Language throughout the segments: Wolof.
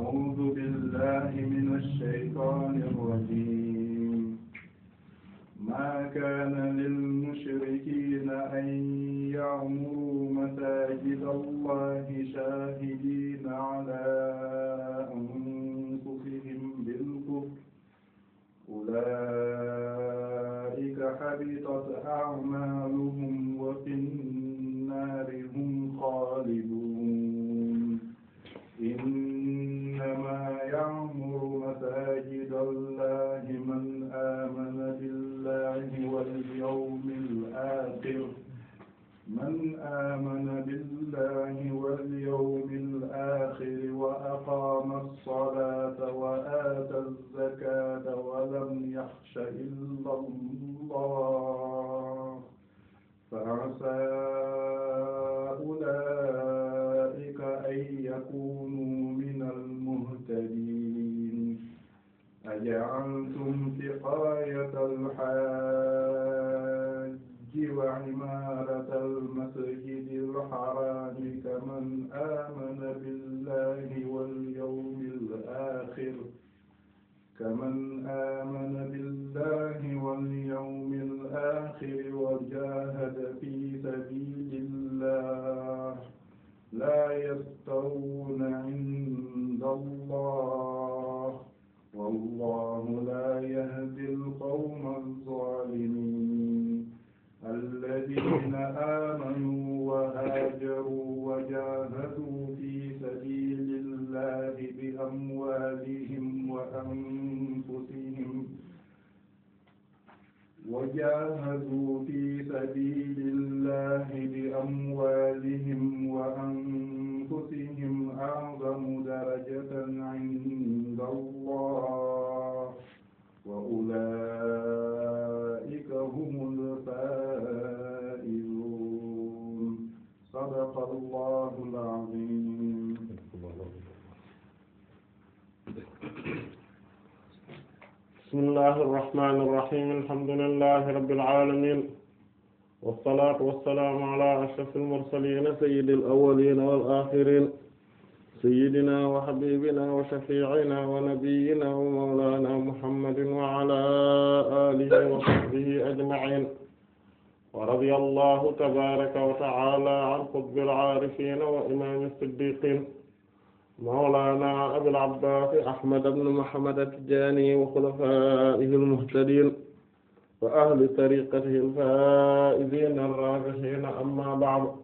أعوذ بالله من الشيطان الرجيم ما كان للمشركين أن يعمروا مساجد الله شاهدين على أنفسهم بالكفر أولئك آمنوا Abul Abbaas Ahmad ibn Muhammad at-Tijaani wa xulafaa'ihi al-muhtadiin wa ahli tariiqatihi al-faa'iziina ar-raabihiina ammaa ba'du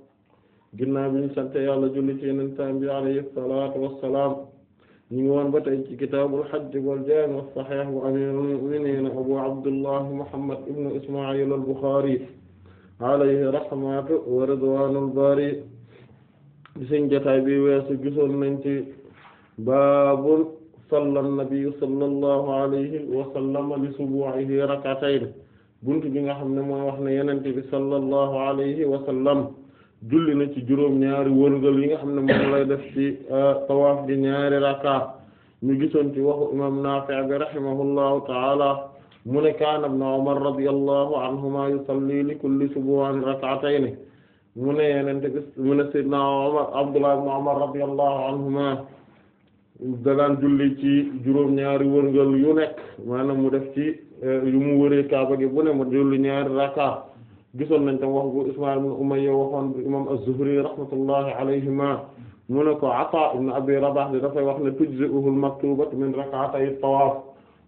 ginnaaw bi ñu sant Yàlla julli ci Yonent bi alayhi salaatu wa salaam ñu ngi woon ba tey ci kitaabul hajj wal jaami' as-sahiih wa amiiril mu'miniina Abuu Abdullah Muhammad ibn Ismaa'iil al-Buxaari alayhi rahmatu wa ridwaanul baari bisin jotaay bi weesu gisoon nañ ci baabun salla nabiyu sallallahu alayhi wa sallama li subuuhi rak'atayn buntu bi nga xam ne mooy wax ne yonent bi sallallahu alayhi wa sallam julli na ci juróom ñaari wërngal yi nga xam ne moom lay def ci euh, tawaaf di ñaari raka ñu gisoon ci waxu imam Naafi' bi rahimahullahu ta'ala mu ne kaana ibn Umar radiyallahu anhuma yusalli li kulli subuu'in rak'atayn mu ne Abdullah ibn Umar radiyallahu anhuma da daan julli ci juróom ñaari wërngal yu nekk maanaam mu def ci eh, yu mu wëree kaaba gi bu ne mu julli ñaari raka gisoon nañ tam wax bu Ismaïl ibn Umayya waxoon bu imam az-Zuhri rahmatullahi alayhima mu ne ko Ata ibn Abi Rabah di dafay wax ne tujzi'uhu al-maktubatu min rak'atay at-tawaaf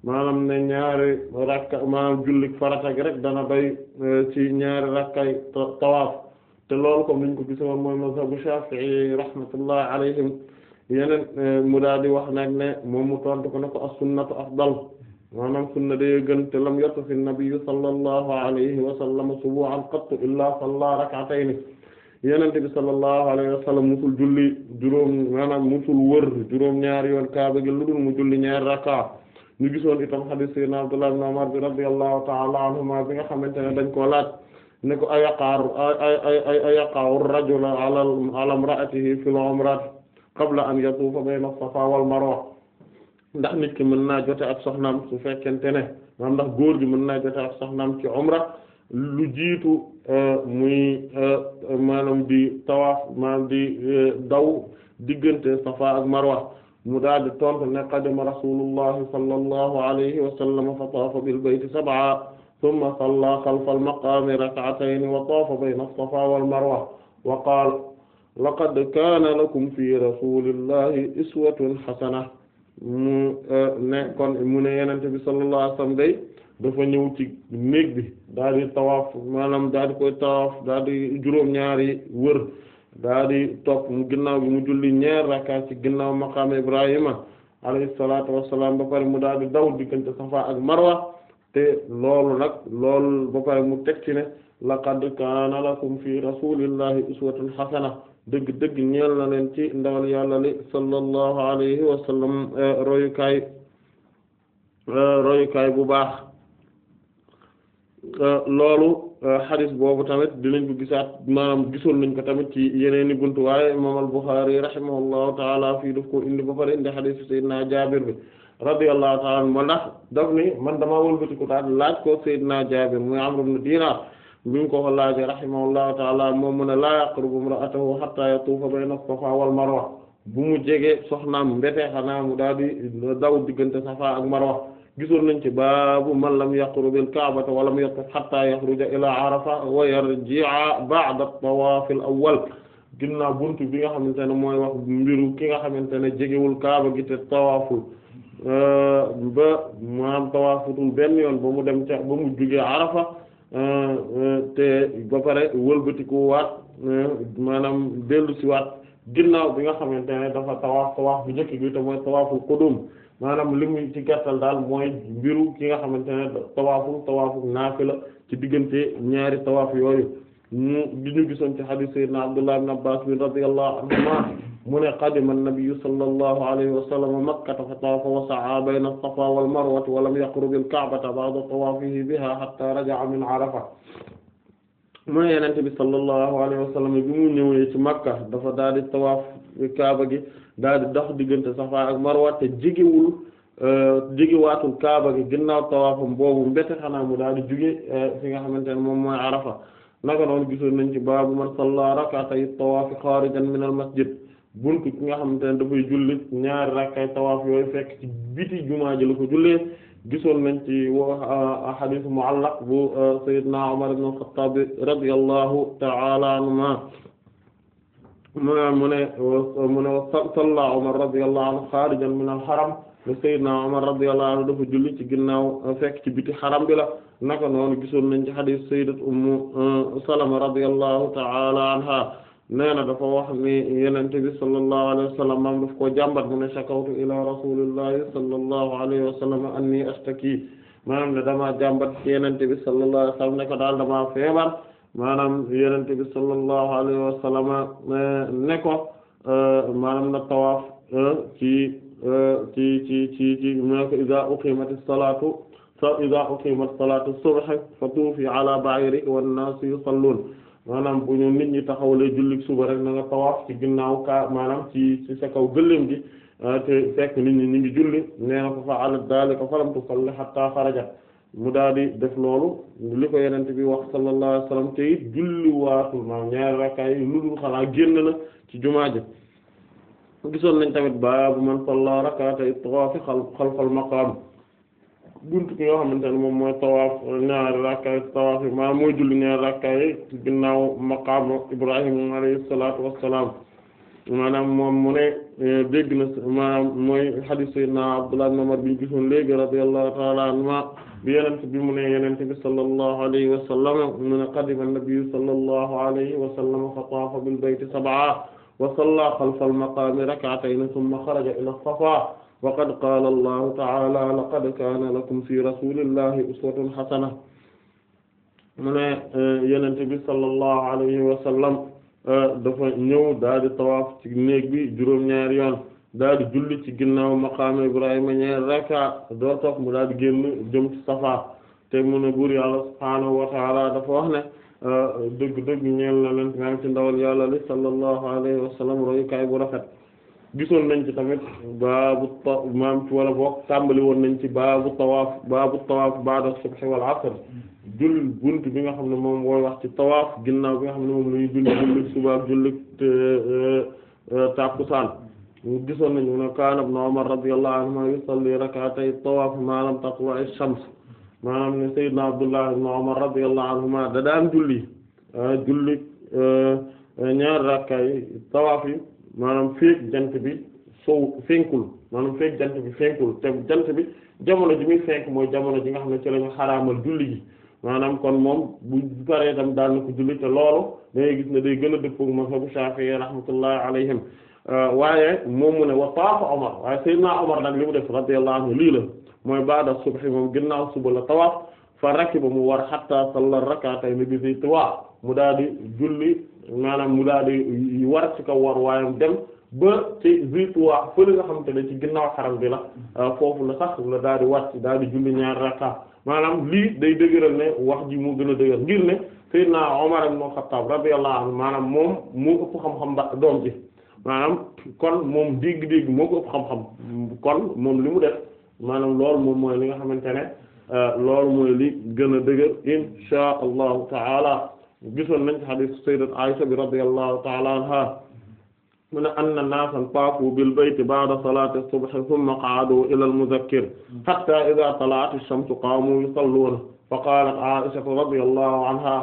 maanaam ne ñaari rakka maanaam jullik farata gi rek dana bay eh, ci ñaari rakkay tawaaf te loolu comme niñ ko gisoon mooy mazhabu Shafi'i rahmatullahi alayhim yeneen eh, mu daal di wax nag ne moom mu tontu ko ne ko as-sunnatu afdal maanaam sunna day gën te lam yatfi nabiyyu sallallahu alayhi wa sallam subu'an qattu illaa salla rak'atayni yenente bi sallallahu alayhi wa sallam musul julli juróom maanaam musul wër juróom ñaari yoon kaaba gi lu dul mu julli ñaari rakka ñu gisoon itam hadith sayyidina Abdullah ibn Umar bi radiyallahu ta'ala anhuma bi nga xamante ne dañ koo laaj ne ko ayaqaaru ayay a rajula ala ala imra'atihi fil umrah qabla an yatufa bayna safa wal marwa ndax nit ki mën naa jote ak soxnaam su fekkente ne maanaam ndax góor gi mën naa jote ak soxnaam ci umra lu jiitu euh, muy euh, maanaam di tawaaf maanaam di euh, daw diggante safa ak marwa mu daal di tontu ne qadima rasulullahi sallallahu alayhi wa sallam fa taafa bil bayti sab'a thumma salla xalfa al maqaami rak'atayn wa taafa bayna safa wal marwa wa qaala laqad kaana lakum fi rasulillahi iswatun hasana mu eh, ne kon mu ne yenente bi sallallahu alayhi wasallam day dafa ñëw ci néeg bi daal di maanaam daal di koy tawaaf daal di juróom ñaari wër daal di topp mu ginnaaw bi mu julli ñaar rakka ci ginnaaw maqaam Ibrahima alayhi salaatu wassalaam ba pare mu daal di daw diggante Safa ak Marwa te loolu nag loolu ba pare mu teg ci ne laqad kaana lakum fi rasulillahi uswatun hasana dëgg dëgg ñeel na leen ci ndawal yàlla li sallallahu alayhi wa eh, royukaay eh, royukaay bu baax eh, loolu xadis boobu tamit dinañ ko gisaat maanaam gisoon nañ ko tamit ci yeneeni buntu waaye imaam al-Bukhari rahimahullahu taala fii daf ko indi ba pare indi xadis Seydina Jaabir bi radiyallahu taala anhu ma ndax daf ni man damaa wëlbatiku daal laaj ko Seydina Jaabir muy Amr ibn Dinar bi mu ko ko laajee rahimahullahu taala moom mu ne laa yaqrubu imra'atahu hatta yatuufa bayna as-safa wal marwa bu mu jege soxnaam mbete xanaa mu daal di daw diggante safa ak marwa gisoon nañ ci baabu man lam yaqrubil ka'bata wa lam yatuf hatta yakhruja ila arafa wa yarji'a ba'da at-tawaaf al-awwal ginnaaw buntu bi nga xamante ne mooy wax mbiru ki nga xamante ne jegewul kaaba gi te tawaaful euh, ba maanaam tawaafutul benn yoon ba mu dem ca ba mu jugee arafa Euh, euh, te ba pare wëlbatikuwaat euh, maanaam dellu si waat ginnaaw bi nga xamante ne dafa tawaaf tawaaf bu njëkk bi te mooy tawaaful qudum maanaam li muy ci gertal daal mooy mbiru ki nga xamante ne tawaaful tawaaful la ci diggante ñaari tawaaf yooyu mu di ñu gisoon ci hadith sayyidina Abdullah ibn Abbas bi radiyallahu anhuma mu ne qadima an-nabiyyu sallallahu alayhi wa sallam makkata fa tawafa wa sa'a bayna as-safa wal marwa wa lam yaqrub al-ka'bata ba'da tawafihi biha hatta raja'a min arafa mu ne yenente bi sallallahu alayhi wa sallam bi mu ñëwee ci makka dafa daal di tawaaf kaaba gi daal di dox diggante safa ak marwa te jegewul euh, jegewaatul kaaba gi ginnaaw tawaafam boobu mbete xanaa mu daal di jóge euh, fi nga xamante ne moom mooy naka noonu gisoon nañ ci baabu man salla rak'atay tawaafi xaarijan min al masjid ki nga xamante ne dafay julli ñaari rakkay tawaaf yooyu fekk ci biti jumaa ji la ko jullee gisoon nañ ci wa ah, hadith mu'allaq bu ah, sayyidna Umar ibn al-Khattab radiyallahu ta'ala anhuma mu ne mu ne mu ne salla Umar radiyallahu anhu xaarijan min al-haram sayyidna Umar radiyallahu anhu dafa julli ci ginnaaw fekk ci biti xaram bi la naka noonu gisoon nañ ci xadiis sayyidat ummu uh, salama radiyallahu ta'ala anha nee na dafa wax ni yenente bi sallallahu alayhi wa sallam daf koo jàmbat mu ne shakawtu ila rasulillahi sallallahu alayhi wa sallam anni ashtaki maanaam ne dama jàmbat ci yenente bi sallallahu alayhi ne ko daal damaa feebar maanaam yenente bi sallallahu alayhi wa sallam ne ko uh, uh, maanaam na tawaaf ci ci ci ci ci salatu so iza uqimat salatu subh fatuufi ala ba'iri wan naas yusalluun maanaam bu ñu nit ñi taxawalee jullik suba rek na nga tawaaf ci ginnaaw ka maanaam ci ci sa kaw gëléem gi ah, te fekk nit ñi ñu ngi julli nee na fa fa'alat dhalika falam tusalli hatta xarajat mu daal di def loolu li ko yenente bi wax sallallahu alayhi wasallam te it julli waatul maanaam ñaari rakkaay lu dul xanaa génn na ci jumaa ji gisoon nañ tamit baabu man salla rak'atay tawaafi xalfal buntu bi nga xamante ne moom mooy tawaaf ñaari rakka yi tawaaf yi maanaam mooy julli ñaari rakka yi ginnaaw maqaamu Ibrahima alayhi salaatu wassalaam maanaam moom mu ne eh, dégg na maanaam mooy hadith sayyidina Abdullah ibn Umar bi ñu gisoon léegi radiyallahu ta'ala anhuma bi yenente bi mu ne yenente bi sallallahu alayhi wa sallam mu ne qadima an-nabiyyu sallallahu alayhi wa sallam fa taafa bil bayti sab'a wa salla xalfa al-maqaami rak'atayn thumma xaraja ila as-safa wa qad qaala allahu taala laqad kaana lakum fi rasulillahi uswatun hasana mu ne e, bi sallallahu alayhi wa sallam e, dafa ñëw daal di tawaaf ci néeg bi juróom-ñaari yoon daal julli ci ginnaaw maqaama ibrahima ñaari raka doo toog mu daal di génn jëm ci safa te mu ne buur yàlla subhaanahu wa taala dafa wax ne e, dëgg-dëgg ñeel na leen maa ci ndawal yàlla li sallallahu alayhi wa sallam royukaay bu rafet gisoon nañ ci tamit baabu ta maam ci wala book tàmbali woon nañ ci baabu tawaaf baabu tawaaf ba'da subhi wal asr julli bunt bi nga xam ne moom mooy wax ci tawaaf ginnaaw bi nga xam ne moom la ñuy julli julli suba ak julli euh, euh, tàkkusaan gisoon nañ ne kaana ibn Umar radiyallahu anhuma yusalli rak'atay tawaaf ma lam tatlu'i shams maanaam ne sayyidna Abdullah ibn Umar radiyallahu anhuma da daan julli ah, julli euh, ñaar rakkay tawaaf maanaam feek jant bi sow fenkul maanaam feek jant bi fenkul te jant bi jamono ji muy fenk mooy jamono ji nga xam ne ci la ñu xaraamal julli gi maanaam kon moom bu paree tam daan na ko julli te loolu dangay gis ne day gën a dëppoo mazhabu Shafi'i rahmatullahi alayhim euh, waaye moom mu ne wax tawaafa Omar waaye Seydina Omar nag li mu def radiyallahu anhu lii la mooy baada subhi moom ginnaaw suba la tawaaf fa rakiba mu war hatta salla rak'atayn bi zay tawaaf mu daal di julli maanaam mu daal di war ci kaw war waayam dem ba ci Zituwa fële nga xamante ne ci ginnaaw xaram bi la euh, foofu la sax la daal di wàcc daal di julli ñaar rakka maanaam lii day dëgëral ne wax ji moo gën a dëgër ngir ne Seydina Omar ibn Khattab radiyallahu anhu maanaam moom moo ëpp xam-xam ba doom ji maanaam kon moom dégg-dégg moo ko ëpp xam-xam kon moom li mu def maanaam loolu moom mooy li nga xamante ne euh, loolu mooy li gën a dëgër insha allahu gisoon nañ hadith sayyidat Aisha bi radiyallahu ta'ala anha mu ne anna naasan paafu bil bayti ba'da salaati subhi thumma qa'adu ila al-muzakkir hatta idha tala'at ash-shamsu qamu yusalluna fa qalat Aisha radiyallahu anha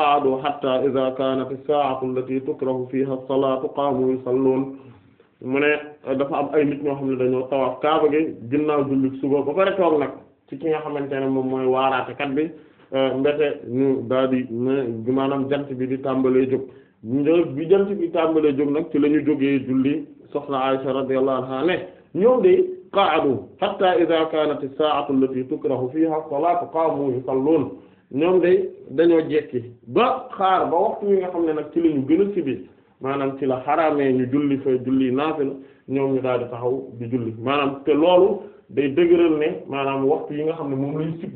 qa'adu hatta idha kanat as-sa'atu allati tukrahu fiha as-salatu qamu yusalluna mu ne dafa am ay nit ñoo xam ne dañoo tawaaf kaaba gi ginnaaw jullit suba ba pare toog nag ci ki nga xamante ne moom mooy waaraatekat bi Euh, mbete ñu daal di maanaam jant bi di tàmbalee jóg bi jant bi tàmbalee jóg nag ci la ñu jógee julli soxna Aisha radiyallahu anha ne ñoom de qaadu hatta idha kanat as-sa'atu allati tukrahu fiha as-salatu qamu yusallun ñoom de dañoo jekki ba xaar ba waxtu wi nga xam ne nag ci la ñu gën a sibi maanaam ci la xaraamee ñu julli fa julli naafila ñoom ñu daal di taxaw di julli maanaam te loolu day dëgëral ne maanaam waxtu yi nga xam ne moom lañu sib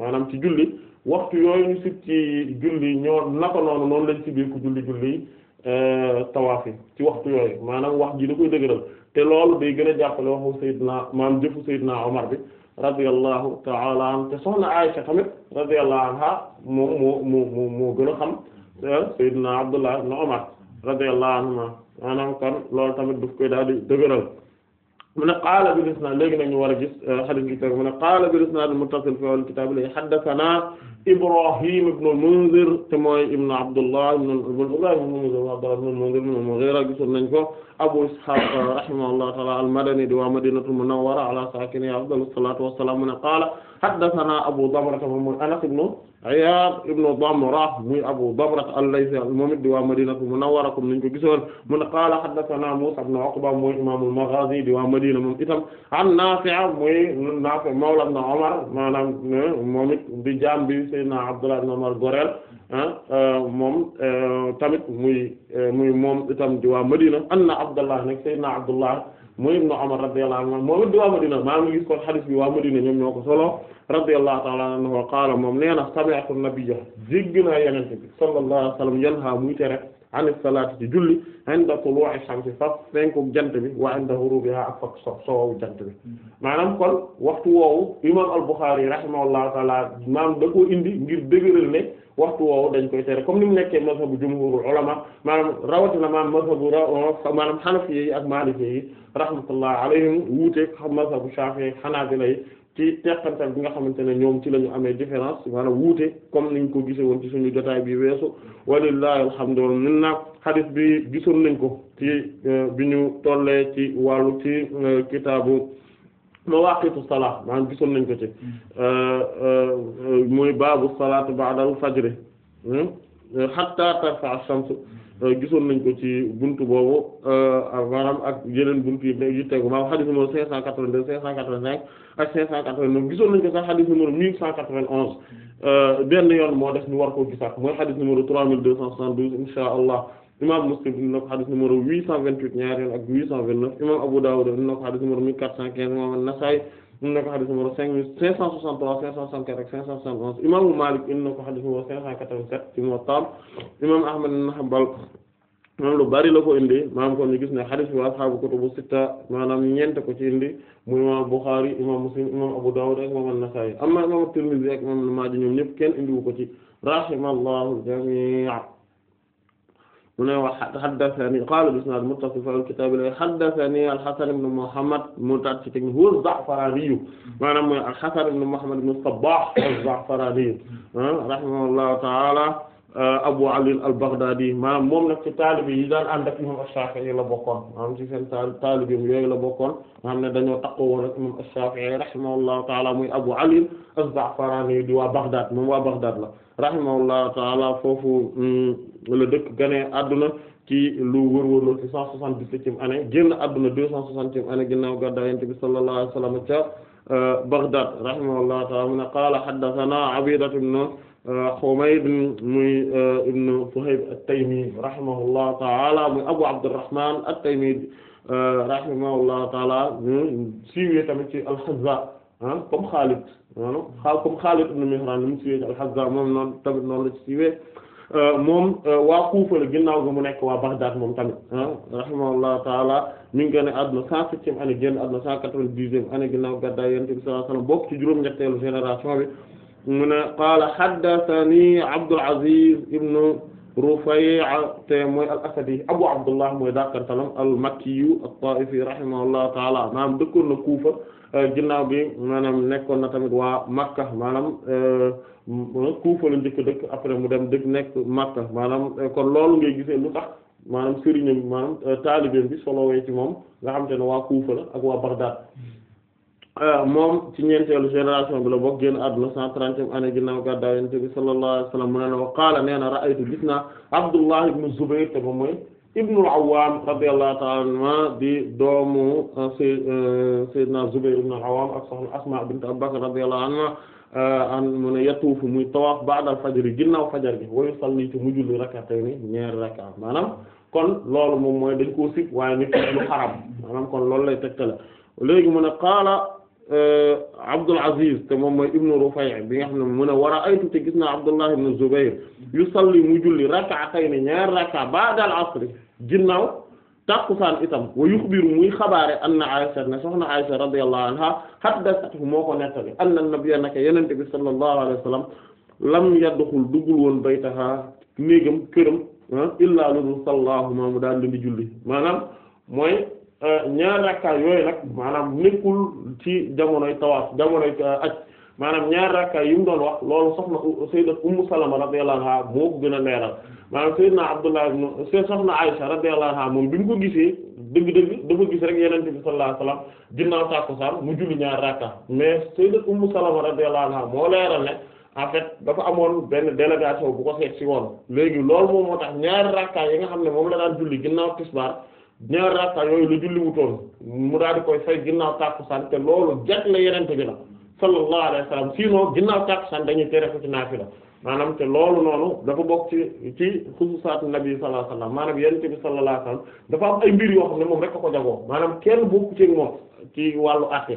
maanaam ci julli waxtu yooyu ñu sit ci julli ñoo naka noonu noonu lañ ci biir ku julli julli euh, tawaaf yi ci waxtu yooyu maanaam wax ji da koy dëgëral te loolu day gën a jàppale waxu Seydina maam jëfu Seydina Omar bi radiyallahu ta'ala anhu te soxna Aisha tamit radiyallahu anha moom moo moo moo gën a xam euh, Seydina Abdullah ibn Omar radiyallahu maanaam kon loolu tamit daf koy daal di dëgëral mu ne qaala bil isnaad léegi nag ñu war a gis euh, xadis bi teg mu ne qaala bil isnaad muttasil fi awwal kitaab li haddasanaa Ibrahim ibn al-Munzir te mooy ibn Abdullah ibn Abdullah ibn al-Munzir Abdullah ibn al-Munzir ibn al-Mughira gisoon nañ ko Abu Ishaq euh, rahimahullahu ta'ala al-Madani di waa Madinatul Munawwara ala saakinihaa afdalu salaatu wa salaam mu ne qaala haddathana Abu Damra moom mooy Anas ibn Iyaad ibn Damra muy Abu Damra al-Laythi moom it di waa Madinatu Munawwara comme niñ ko gisoon mu ne qaala haddathana Muusaa ibn Uqba mooy imaamul Maghaazi di waa Madina moom itam an Naafi' mooy Naafi' mawla ibn Umar maanaam moom it di jaam bi Seydina Abdullah ibn Umar goreel ah, euh, moom euh, tamit muy euh, muy moom itam di waa Madina anna Abdullah nag Seydina Abdullah muy ibnu Umar radiyallahu anhu moom it di waa Madina maa ngi gis kon xadis bi waa Madina ñoom ñoo ko solo radiyallahu ta'ala anhu qaala moom nee na sami'tu nabiyya dégg naa yonent bi sallallahu alayhi wa sallam yanha muy tere ani salaati ci julli inda tuluu'i shamsi fa fenku jant bi wa inda ghurubiha ak fa so soowu jant bi maanaam kon waxtu woowu imam al-Bukhari rahimahullahu taala maanaam da koo indi ngir dëgëral ne waxtu woowu dañ koy tere comme ni mu nekkee mazhabu jumhurul ulama maanaam rawatina maanaam mazhabu maanaam xanafi yi ak maaliki yi rahmatullah alayhim wuuteeg mazhabu shafi'i xanaabila yi ci teqantal bi nga xamante ne ñoom ci lañu amee différence maanaam wuute comme ni ñu ko gise woon ci suñu jotaay bi weesu walillahi alhamdulillah min na xadis bi gisoon nañ ko ci euh, bi ñu tollee ci wàllu ci euh, kitaabu mawaqitu salat maanaam gisoon nañ ko ci mm. euh, muy baabu salaat ba'da al fajr hmm? hatta tarfa ash-shams Euh, gisoon nañ ko ci buntu boobu euh, ak yeneen buntu yi tegu maanaam xadis numéro 582 585 ak gisoon nañ ko sax xadis numéro 1191 euh, benn yoon moo def ñu war koo gisaat mooy xadis numéro 3272 insha Allah imam Muslim dina na ko xadis numéro 828 ñaari yoon ak 829 imam Abu Dawud dina na ko xadis numéro 1415 imam An-Nasa'i mu ne ko xadis numéro cinq mille cinq cent soixante-trois cinq cent quatre cinq cent onze imaamu Maalik indi ko xadis numéro cinq cent quatre-vingt-sept ci Muwatta imaamu Ahmad ibn Hanbal lu bari la ko indi maanaam kon gis ne xadis bi ashaabu kutubu sitta maanaam ñeent ko ci indi muy imaam Buxaari imaam Muslim imaam Abu Dawud ak imaam An-Nasaa'i ak imaam Maaja ñoom ñëpp kenn indiwu ko ci rahimallahu jamii'a mu ne wax haddathani qaala bi-isnaad muttasil fil kitaab la haddathani al-Hasan ibn Muhammad mu taat ci technique huwa az-Za'farani maanaam mooy al-Hasan ibn Muhammad ibn Sabbah az-Za'farani ah, rahimahullahu ta'ala ah, Abu Ali al-Baghdadi maanaam moom nag ci taalibe yi daan ànd ak imam Ash-Shafi'i la bokkoon maanaam ci seen taalibe yooyu la bokkoon nga xam ne dañoo taqoo woon ak imam Ash-Shafi'i rahimahullahu ta'ala muy Abu Ali az-Za'farani di waa Baghdad moom waa Baghdad la rahimahullahu ta'ala foofu. Mm, de dëkk ganee adduna ci lu wër-wër la ci cent soixante-dix-septième année génn adduna deux cent soixantième année ginnaaw gàddaay Yonent bi sallallahu alayhi wa sallam ca euh, Baghdad rahimahullahu ta'ala mu ne qaala haddathana Abidatu ibn Humayd euh, muy euh, ibn Suhayb at-Taymi rahimahullahu ta'ala muy Abu Abdurrahman at-Taymi rahimahullahu ta'ala siiwee tamit ci al-Hazza ah, comme Khalid maanaam comme Khalid ibn Mihran mu siiwee ci al-Hazza moom noonu tamit noonu la ci Euh, moom euh, waa Kuufa la ginnaaw ga mu nekk waa Baghdad moom tamit ah, rahimahullahu taala mi ngi génn àdduna cent septième année génn àdduna cent quatre-vingt-dixième année ginnaaw gàddaay Yonent bi sallallahu alayhi wasallam bokk ci juróom-ñetteelu génération bi mu ne qaala haddathani Abdul Aziz ibnu Rufay'a te mooy al-Asadi Abu Abdullah mooy dàkkantalam al-Makkiyu at-Ta'ifi rahimahullahu ta'ala maanaam dëkkoon na Kuufa euh, ginnaaw bi maanaam nekkoon na tamit waa Makka maanaam euh, Kuufa la njëkk dëkk après mu dem dëkk nekk Makka maanaam euh, kon loolu ngay gisee lu tax maanaam sëriñam maanaam taalibeem bi solowee ci moom nga xam te ne waa Kuufa ak waa Baghdad Euh, moom ci ñeenteelu génération bi la bokk génn àdduna cent trentième année ginnaaw gàddaay Yonent bi sallallahu alayhi wa sallam mu ne wa qaala nee na ra'aytu gis naa Abdullah ibn Zubayr te ba mooy ibnul Awwam radiyallahu ta'ala anhuma di doomu euh, sy euh, Seydina Zubayr ibn al-Awwam ak soxna Asma bint Abu Bakr radiyallahu anha an mu ne yatuufu muy tawaaf ba'dal fajar yi ginnaaw fajar gi wa yusalli ci mu julli rak'atayni ñaari rak'a maanaam kon loolu moom mooy dañ koo sib waaye ñu lu xaram maanaam kon loolu lay tegtale léegi mu ne qaala Euh, Abdul Aziz te moom mooy ibnu Rufay' bi nga xam ne mu ne war a aytu te gis naa Abdullah ibn Zubayr yusalli mu julli rak'atayni ñaar rak'a ba'da al-asri ginnaaw tàkkusaan itam wa yuxbiru muy xabaare anna Aisha ne soxna Aisha radiyallahu anha haddathathu moo ko nettali anna nabiyya naka yenente bi sallallahu alayhi wa sallam lam yadxul duggul woon baytaha néegam këram ah, illa ludul sallahu ma mu daal di julli maanaam mooy Euh, ñaari rakka yooyu nag maanaam nekkul ci jamonoy tawaaf jamonoy euh, aj maanaam ñaari rakka yi mu doon wax loolu soxna sayyidat ummu salama radiyallahu anha moo ko gën a leeral maanaam sayyidna abdullah ibn soxna aisha radiyallahu anha moom bi mu ko gisee dëgg-dëgg dafa gis rek yenente bi sallallahu alayhi wasallam ginnaaw tàkkusaan mu julli ñaar rakka mais sayyidat ummu salama radiyallahu anha moo leeral ne en fait dafa amoon benn délégation bu ko seet si woon léegi loolu moom moo tax ñaari rakka yi nga xam ne moom la daan julli ginnaaw tisbaar ñaar rakka yooyu la julli wutoon mu daal di koy fay ginnaaw tàkkusaan te loolu jag la yenente bi la sallallahu alayhi wa sallam sinon ginnaaw tàkkusaan dañuy tere ko ci naafila maanaam te loolu noonu dafa bokk ci ci xususaat nabi sallallahu alayhi wa sallam maanaam yenente bi sallallahu alayhi wa dafa am ay mbir yoo xam ne moom rek a ko jagoo maanaam kenn bokku ci moom ci wàllu àtte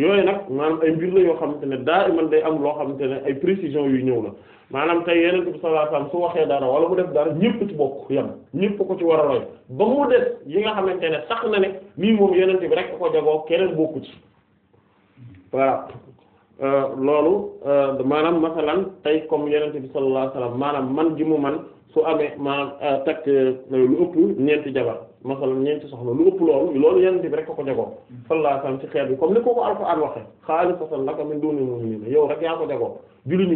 yooyu nag maanaam ay mbir la yoo xamante ne daa iman day am loo xamante ne ay précision yu ñëw la maanaam tey yeneen bi sallallahu alayhi su waxee dara wala mu def dara ñëpp ci bokk yam ñëpp ko ci war a roy ba mu def yi nga xamante ne sax na ne lii moom yeneen bi rek ko jagoo keneen bokku ci voilà euh, loolu euh, maanaam masalan tey comme yeneen bi sallallahu alayhi maanaam man gi mu man su amee maanaam euh, takk lu ëpp ñeenti jabar masalan ñeenti soxla lu ëpp loolu loolu yonent bi rek ko ko jagoo mm-hmm. sallallahu alayhi wasallam ci xeet bi comme ni ko ko alxuraan waxee xaalisatan laka min duunil mu'miniin yow rek yaa ko jagoo jullit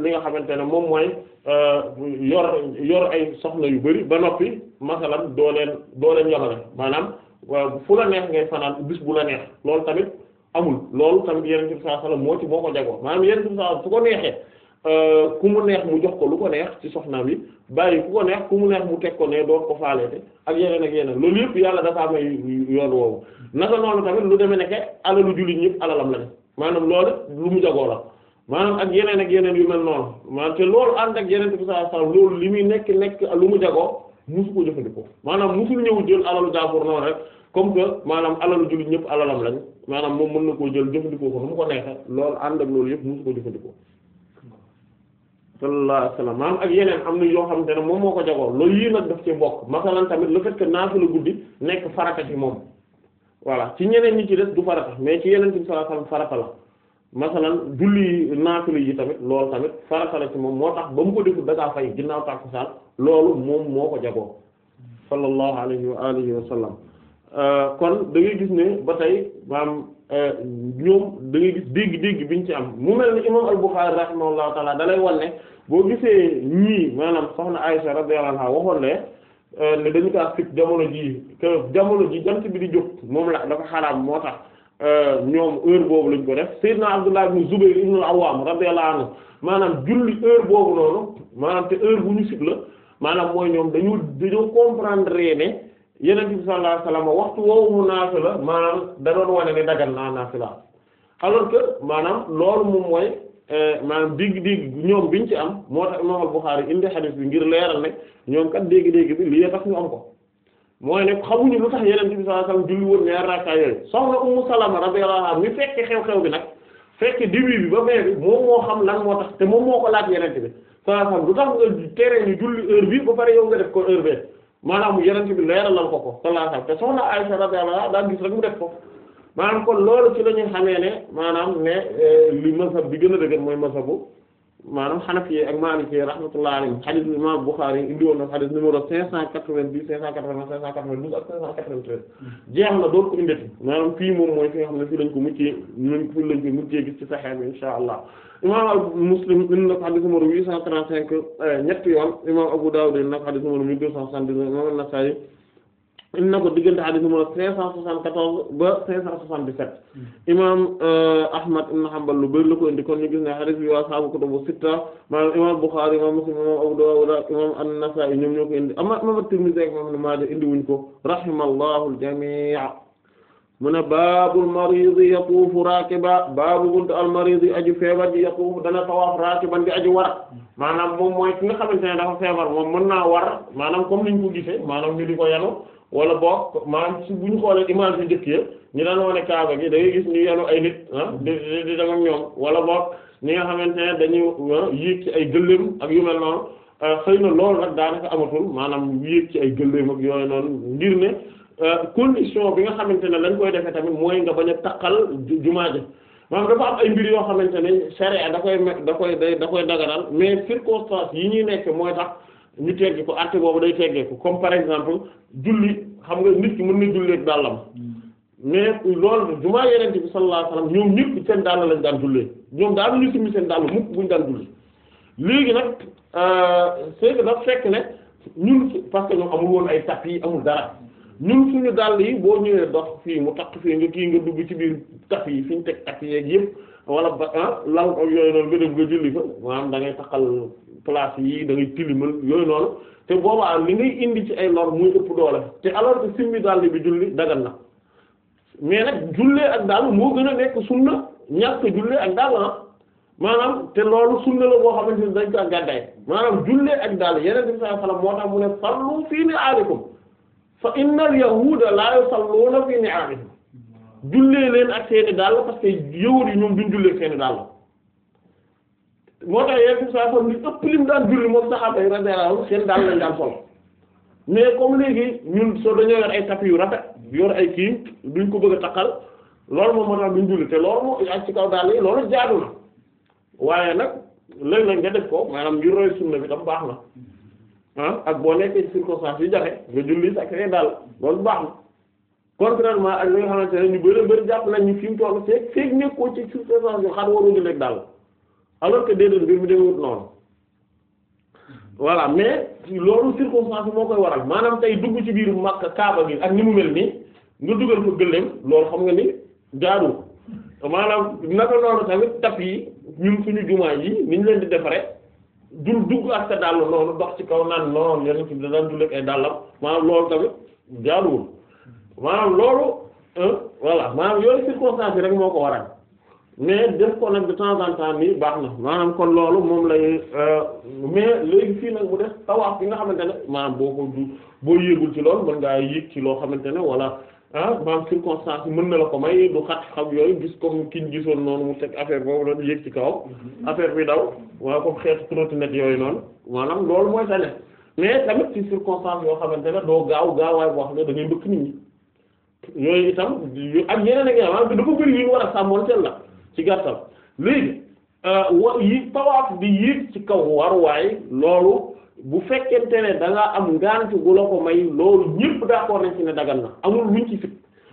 li nga xamante ne moom mooy euh, yor yor ay soxla yu bari ba noppi masalan doo leen doo leen yorale maanaam euh, fu la neex ngay fanaan bis bu la neex loolu tamit amul loolu tamit yonent bi sallallahu alayhi moo ci moo ko jagoo maanaam yonent bi sallallahu alayhi ko neexee Euh, ku mu neex mu jox ko lu ko neex ci soxnaam yi bàyyi ku ko neex ku mu neex mu teg ko ne doon ko faaleete ak yeneen ak yeneen loolu yëpp yàlla dafa may yoon woowu naka noonu tamit lu demee nekke alalu jullit ñëpp alalam la ne maanaam loolu lu mu jagoo la maanaam ak yeneen ak yeneen yu mel noonu maanaam te loolu ànd ak yeneen bi sallallahu li muy nekk nekk lu mu jagoo musu ko jëfandikoo maanaam musul ñëw jël alalu jaafoor noonu rek comme que maanaam alalu ñëpp alalam lañ maanaam moom mën na koo jël jëfandikoo ko nu mu ko neexe lool ànd ak loolu yëpp musu ko jëfandikoo sallallahu maam ak yeneen am na yoo xamante ne moom moo ko jagoo loolu yii nag daf ci bokk masalan tamit le fait que naafila guddi nekk farata ci moom voilà ci ñeneen ñi ci des du farata mais ci yeneen bi sallallahu alayhi wa sallam farata la masalan julli naafila yi tamit loolu tamit farata la ci moom moo tax ba mu ko defu dagaa fay ginnaaw tàkkusaan loolu moom moo ko jagoo sallallahu alayhi wa alihi wa sallam Euh, kon da gis ne ba tey maam euh, ñoom da ngay gis dégg-dégg biñ ci am mu mel ne imam moom bukhari rahimahullahu taala da lay wan ne boo gisee ñii maanaam soxna Aisha radiyallahu anha waxoon ne euh, ne dañu kaa fit jamono jii que jamono ji jant bi di jóg moom la dafa xaraam moo tax ñoom heure boobu lañ ko def Seydina Abdullah ibn Zubayr ibn al-Awwam radiyallahu anhu maanaam julli heure boobu noonu maanaam te heure bu ñu sit la maanaam mooy ñoom dañu dañoo comprendre yeneen bi sallallahu alayhi wasallam waxtu woowu mu naafila maanaam da doon wane ne dagan naa naafila alors que maanaam loolu moom mooy eh, maanaam dégg-dégg ñoom biñ ci am moo tax imam al-Bukhari indi xadiis bi ngir leeral ne ñoom kat dégg-dégg bi lii tax ñu am ko mooy ne xamuñu lu tax yeneen bi sallallahu alayhi wasallam julli woon ñaar rakaa yooyu soxna Ummu Salama radiyallahu anha mi fekke xew-xew bi nag fekke début bi ba fin bi moom moo xam lan moo tax te moom moo ko laaj yeneen bi sallallahu alayhi wasallam lu tere ñu julli heure bi ba pare yow nga def ko heure maanaam yeneen bi leeralal ko ko sallallahu alayhi wasallam te na Aysa radiyallahu anha daa gis rek mu def ko maanaam kon loolu ci la ñuy xamee ne maanaam ne eh, li mazhab bi gën a dëgër mooy mazhabu maanaam Hanafi ak Maliki rahmatullahi alayhim hadith bi imam Bukhari indi woon na hadith numéro 590 580 592 ak 593 jeex na doon ko indati maanaam fii moom mooy fi xam ne fii lañ ko mu ñun fii lañ ko muccee gis ci Sahih bi insha Allah imam Muslim indi na ko hadith numéro 835 eh, ñetti yoon imam Abu Dawud indi na ko hadith numéro 1279 imam An-Nasa'i indi na ko diggante hadith numéro 574 ba 577 imam euh, Ahmad ibn Hanbal lu bari la ko indi kon ñu gis ne hadith bi waa saabu kutubu sitta maanaam imam Bukhari imam Muslim imam Abu Dawud imam An-Nasa'i ñoom ñoo ko indi amma imam Tirmidhi ak imam Maaja indi wuñ ko rahimallahu al-jami' mu ne baabul maridi yatuufu raakiba baabu buntu al maridi aju feebar ji yatuufu dana tawaaf raakiban di aju war maanaam moom mooy ki nga xamante ne dafa mën naa war maanaam comme niñ ko wala boog maanaam bu ñu xoolee image bi njëkk ya ñu daan ne kaaba gi da ngay gis ñu yenu ay nit ah di di dem ñoom wala boog ñi nga xamante ne dañuy ah, yéeg ci ay gëléem ak yu mel noonu ah, xëy na loolu nag daanaka amatul maanaam yéeg ci ay gëléem ak yooyu noonu ngir ne ah, condition bi nga xamante ne lañ koy defee tamit mooy nga bañ a taqal jumaa ji maanaam dafa am ay mbir yoo xamante ne charia da koy da koy da koy daganal mais circonstance yi ñuy nekk mooy tax. ñu teggi ko àtte boobu day teggeeku comme par exemple julli xam nga nit ki mën na julleeg dàllam mais loolu jumaa yeneen bi sallallahu alayhi wasallam ñoom ñëpp seen dàll lañ daan jullee ñoom daal ñu simmi seen dàll mukk buñ daan julli léegi nag euh, c'est que daf fekk ne ñun parce que ñoom amul woon ay tapp yi amul dara ñun suñu dàll yi boo ñëwee dox fii mu takk fii nga kii nga dugg ci biir tapp yi fi ñu teg tapp yeeg yëpp wala ba ah lan yooyu noonu nga dem da ngay taxal place yi da ngay tilimal yooyu noonu te boobaa li ngay indi ci ay lor muy ëpp doole te alors que simbi dàll bi julli dagan na mais nag jullee ak daal moo gën a nekk sunna ñàkk jullee ak daal ah maanaam te loolu sunna la boo xamante ne dañ ko ak gàddaay maanaam jullee ak daal yeneen bi sallallahu alayhi wasallam moo tax mu ne sallu fii ni'aalikum fa innal yahuuda laa yusalluuna fii ni'aalihim jullee leen ak seeni daal parce que yawut yi ñoom duñ jullee seeni daal moo tax yenn saa soxna li ëpp lim daan julli moom saxaaba yi radiyallahu seen daal lañ daan sol mais comme léegi ñun soo dañoo yor ay tapis yu rafet yor ay kii duñ ko bëgg a takkal loolu moom moo tax duñ julli te loolu moom ak ci kaw daal yi loolu jaadu na waaye nag léeg-léeg nga def ko maanaam ngir roy sunna bi tam baax na ah ak boo nekkee circonstance yu jafe nga julli sa kese daal loolu baax na contrairement ak li nga xamante ne ñu bëri bëri jàpp nañ ñu fi mu toll feeg feeg nekkoo ci circonstance yu xar waruñu lekk daal. alors que déedéet mbir mi demewut noonu voilà mais loolu circonstance moo koy waral maanaam tey dugg ci biir Makka Kaaba gi ak ni mu mel nii nga dugal ko gëléem loolu xam nga ni jaadu maanaam naka noonu tamit tap yi ñun suñu jumaa leen di defaree dul dugg ak sa dàll ci kaw naan noonu yeneen ci daan maanaam loolu tamit jaaduwul maanaam loolu voilà maanaam yooyu circonstance rek moo ko waral. mais def ko nag de temps en temps nii baax na maanaam kon loolu moom lay euh, mais léegi fii nag bu def tawaaf bi nga xamante ne maanaam boo ko boo yéegul ci loolu mën ngaa yéeg ci loo xamante ne wala ah maanaam circonstance mën na la ko may du xat xam yooyu gis comme ki ñu gisoon noonu mu teg affaire boobu doon yéeg ci kaw mm-hmm. affaire bi daw waaw comme xeetu trottinette yooyu noonu maanaam loolu mooy tane mais tamit ci circonstance yoo xamante ne doo gaaw gaawaay boo xam ne da ngay mbëkk itam ak ak yeneen maanaam la ci gàttal léegi euh, yi tawaaf bi yéeg ci kaw waruwaay loolu bu fekkente ne da am ngant gu la ko may loolu ñëpp d'accord nañ ci ne dagan na amul luñ ci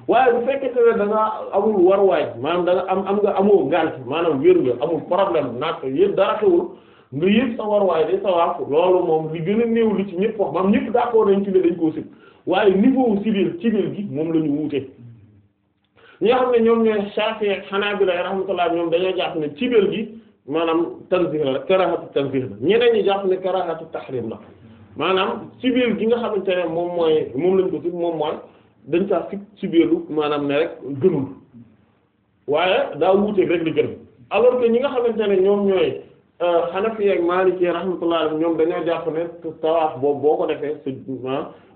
waaye bu fekkente ne da amul waruwaay maanaam da am am nga amoo ngant maanaam wér nga amul problème naat yëpp dara xewul nga yéeg sa waruwaay day tawaaf loolu moom li gën a néew ci ñëpp wax maanaam ñëpp nañ ci ne dañ waaye niveau civil civil gi moom la ñu wuute ñi xam ne ñoom ñooy Shafi'i ak Hanabila rahmatullah ñoom dañoo jàpp ne cibel gi maanaam tanzih la karahatu tanzih la ñeneen ñi jàpp ne karahatu tahrim la maanaam cibel gi nga xamante ne moom mooy moom lañ ko tudd moom mooy dañ saa fi cibelu maanaam ne rek gënul waaye daa wuuteeg rek li gën alors que ñi nga xamante ne ñoom ñooy euh, Hanafi ak Maliki rahmatullah ñoom dañoo jàpp ne tawaaf boobu boo ko defee sa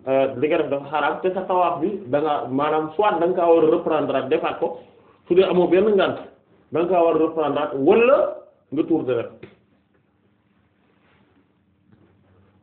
li euh, nga def dafa xaraam te sa tawaaf bi da maanaam soit da nga war a reprendre at defaat ko su dee amoo benn ngànt da nga kaa war a reprendre at wala nga tuur deret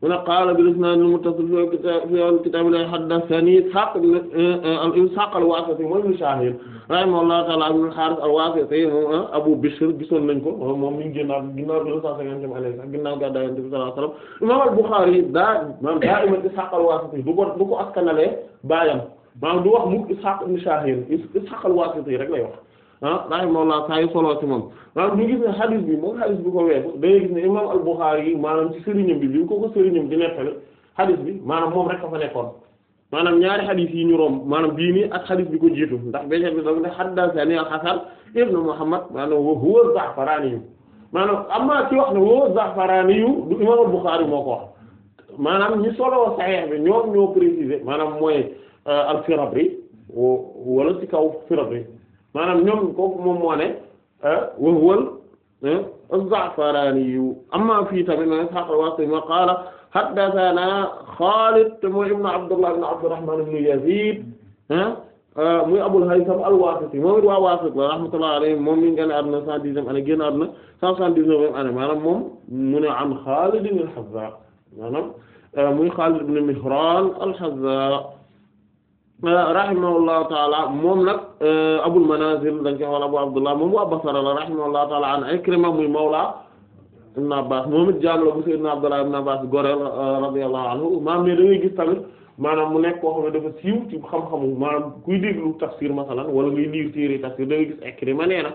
mu ne qaala bil isnaad al muttasil fi kitaab la haddathani Ishaaq Ishaaq al-Waasiti mooy ibn Shahiir rahimahullahu ta'aala ibn al-Haaris al-Waasiti moom Abu Bishr gisoon nañ ko moom mi ngi génnaaw ginnaaw bi 250 année sax ginnaaw gàddaay Yonent bi sallallahu alayhi wa sallam imaam al-Bukhaari daa maanaam daa imaam Ishaaq al-Waasiti du ko du ko askanalee baayam maanaam du wax mu Ishaaq ibn Shahiir Ishaaq al-Waasiti rek lay wax. ah rahimahullah saa yu solo ci moom maanaam ñu gis ne xadis bi moom xadis bi ko weesu dañuy gis ne imaam al maanaam ci sëriñam bi bi ko ko sëriñam di nettali xadis bi maanaam moom rek a fa nekkoon maanaam ñaari xadis yi ñu romb maanaam bii nii ak xadis bi ko jiitu ndax beneen bi daf ne haddathani al-Hasan ibn Muhammad maanaam wa huwa az-Za'farani yu maanaam amma ci wax ne huwa az-Za'farani yu du imaam al moo ko wax maanaam bi euh, wala ci kaw Firabri maanaam ñoom kooku moom moo ne ah, wëwal ah, az-Za'farani yu amma fii tamit ma Ishaq al-Wasiti qaala haddathana Khalid mooy ibn Abdullah ibn Abdurrahman ibn Yazid ah, muy Abul Haytham al-Wasiti moom it waa Wasit la rahmatullahi alayhi moom mi ngi génn àdduna cent dixième année génn àdduna cent soixante-dix-neuvième année maanaam moom mu ne an Khalid al-Hazza maanaam muy Khalid ibn Mihran al-Hazza Euh, rahimahullahu taala moom nag euh, Abul Manazir dañ koy wax Abu Abdullah moom waa Basra la rahimahullahu taala an Ikrima muy mawla Ibn Abbas moom it jaam la bu Sayyidina Abdullah ibn Abbas goreel euh, radiyallahu anhu maam ne da ngay gis tamit maanaam mu nekk koo xam ne dafa siiw ci xam-xamu maanaam kuy déglu tafsir masalan wala ngay liir téere tafsir da ngay gis Ikrima nee na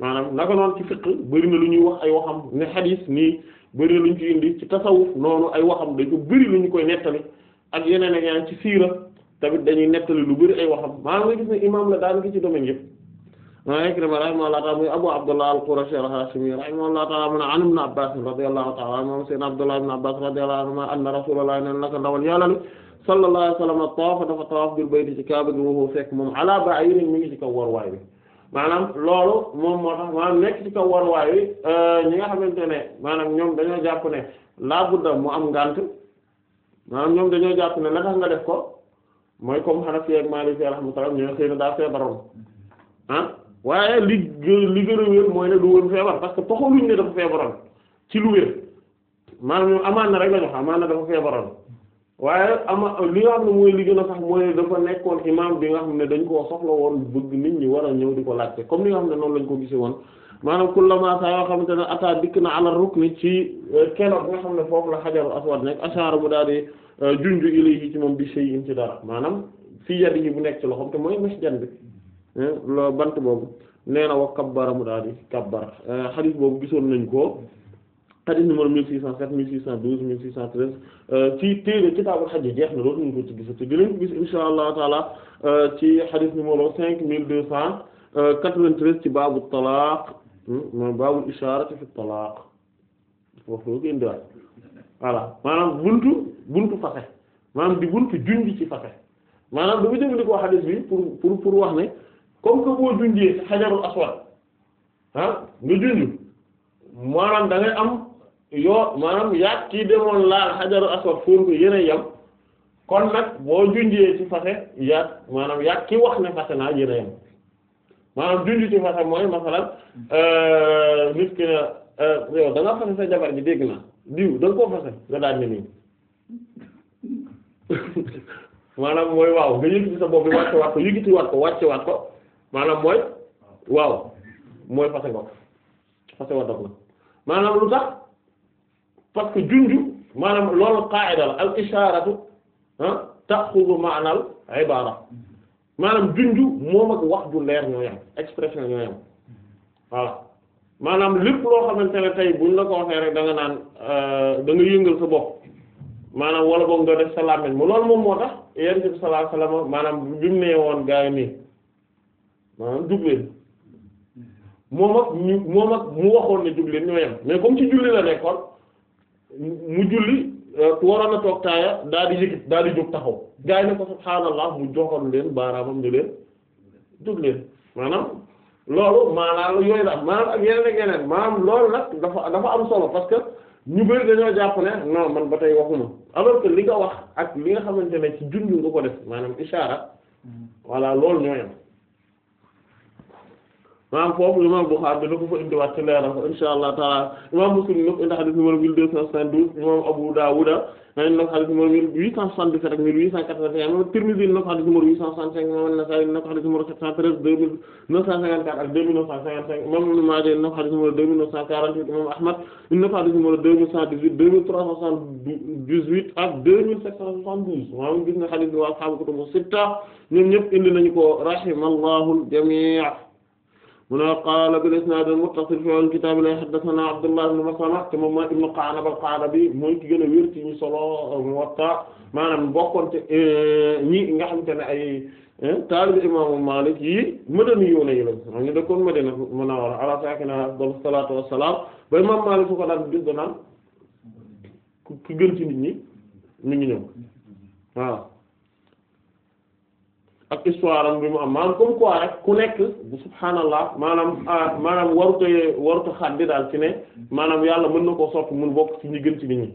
maanaam naka noonu ci fiqh bëri na lu ñuy wax ay waxam ne xadiis nii bëri na lu ci indi ci tasawuf ay waxam dañ ko bëri lu ñu koy nettali ak yeneen ak yeneen tamit dañuy nettali lu bëri ay waxam maanaam nga gis ne imaam la daanaka ci domaine yëpp maanaam Ikrima rahimahullahu ta'ala muy Abu Abdullah al-Qurashi al-Hashimi rahimahullahu ta'ala mu ne an ibn Abbas radiyallahu ta'ala anhuma sayyidina Abdullah ibn Abbas radiyallahu anhuma anna Rasulullah ne naka ndawal Yàlla li sallallahu alayhi wa sallam tawaafa dafa tawaaf bil bayt ci Kaaba gi waxoo ngi ci kaw waruwaay bi maanaam loolu moom moo tax maanaam nekk ci kaw waruwaay bi euh, ñi nga xamante ne maanaam ñoom dañoo jàpp ne laa budda mu am ngànt maanaam ñoom dañoo jàpp ne la tax ko mooy comme Hanafi ak Maliki rahmatullah ñoo xëy na daa feebaroon ah waaye li li gën a wér mooy ne du woon feebar parce que toxaluñ ne dafa feebaroon ci lu wér maanaam amaan na rek la jox amaan na dafa feebaroon waaye ama li nga xam ne mooy li gën a sax mooy dafa nekkoon imaam bi xam ne dañ koo soxla woon bëgg nit ñi war a ñëw di ko laajte comme li nga xam ne noonu lañ ko gisee woon maanaam kullama saa yoo xamante ne ataa dikk na ala rukni ci euh, keroog nga xam ne foofu la xajarul aswad nekk ashaara mu daal di euh, junju ilayhi ci moom bi shay'in ci dara maanaam fii yadihi bu nekk ci loxoom te mooy jan bi lo bant boobu nee na wa kabbara mu daal di kabbar euh, xadiis boobu gisoon nañ ko xadiis numéro 1607 1612 1613 ci téere kitaabul hajj jeex na dootuñu ko ci gisati di leen ko gis insha allah taala ci xadiis numéro 5293 ci baabu talaaq moom baabul ishaarati fi talaaq foofu loo gën di waat voilà maanaam buntu buntu fase maanaam di buntu junj ci fase maanaam dama jëfandikoo xadiis bi pour pour pour wax ne comme que boo ah, maanaam da ngay am yoo maanaam yaag kii demoon laal xajarul aswad fóon ko yéen a yem kon nag boo junjee ci fase yaag maanaam yaag ki wax ne fase naa yéen a maanaam junj ci masal mooy masalan euh, nit ki na euh, yow da nga fase sa jabar ji dégg na diw da koo fase nga daan ne nii maanaam mooy waaw nga yëkkati sa bopp bi wàcce waat ko yëkkati waat ko ko maanaam mooy waaw mooy fase nga fase wa dog na maanaam lu tax parce que junj maanaam loolu qaa'ida la al ishaaratu ah, ta'khudhu ma'nal ibaara maanaam junju moom ak wax ju leer ñoo yam expression ñoo yam voilà maanaam lépp loo xamante ne tey buñ la ko waxee rek da nga naan euh, da nga yëngal sa bopp maanaam wala boog nga def sa làmmiñ mu loolu moom moo tax yonent maanaam bi mu nee woon gaa yi nii maanaam jubleen moom ak ñu moom ak mu waxoon ne jubleen ñoo yam mais comme ci julli la nekkoon mu julli Euh, waroon a toog taaya daal di yëkkati daal di jóg taxaw gaa yi ne ko subhaanallah mu joxoon leen baaraamam ni leen jóg leen maanaam loolu maanaam yooyu la maanaam ak yeneen ak yeneen maanaam nag dafa dafa am solo parce que ñu bëri dañoo jàpp ne non man ba tey waxuma alors que li nga wax ak li nga xamante ne ci junj nga ko def maanaam ishaara hmm. voilà loolu ñoo yam maanaam foofu imam Bukhari dina ko fa indiwaat ci leeral ko insha allah taala imam Muslim indi xadis numéro mille deux cent douze imam Abu Dawuda na indi xadis numéro huit cent dix sept ak huit cent quatre-vingt-un imam Tirmidhi cent cinq imam Nasa'i na ko xadis numéro sept cent treize deux mille neuf cent cent cinq imam Ibn Maaja na ko xadis numéro deux mille neuf cent quarante-huit imam Ahmad na ko xadis numéro deux mille cent dix-huit deux muna qaala bil isnaad al muttasil fi al kitaab la haddathana Abdullah ibn Maslama te moom mooy ibn Qa'nab al Qa'nabi mooy ki gën a wér ñu solo Muwatta maanaam bokkoon te eh, ñi nga xam te ne ay eh, taalibi imaamu Maalik yi Madani yow nañu la xam ne dëkkoon Madina Munawwara ala saakinihaa afdalu salaatu wa salaam ba imaam Maalik su ko daan gis da ku gën ci nit ñi mi ngi ñëw waaw. ak histoire am bi mu am maanaam comme quoi ku nekk bu subhaanallah maanaam ah, maanaam waruta waruta xaddi daal ci ne maanaam yàlla mën na koo soppi mun bokk ci ñi gën ci ñi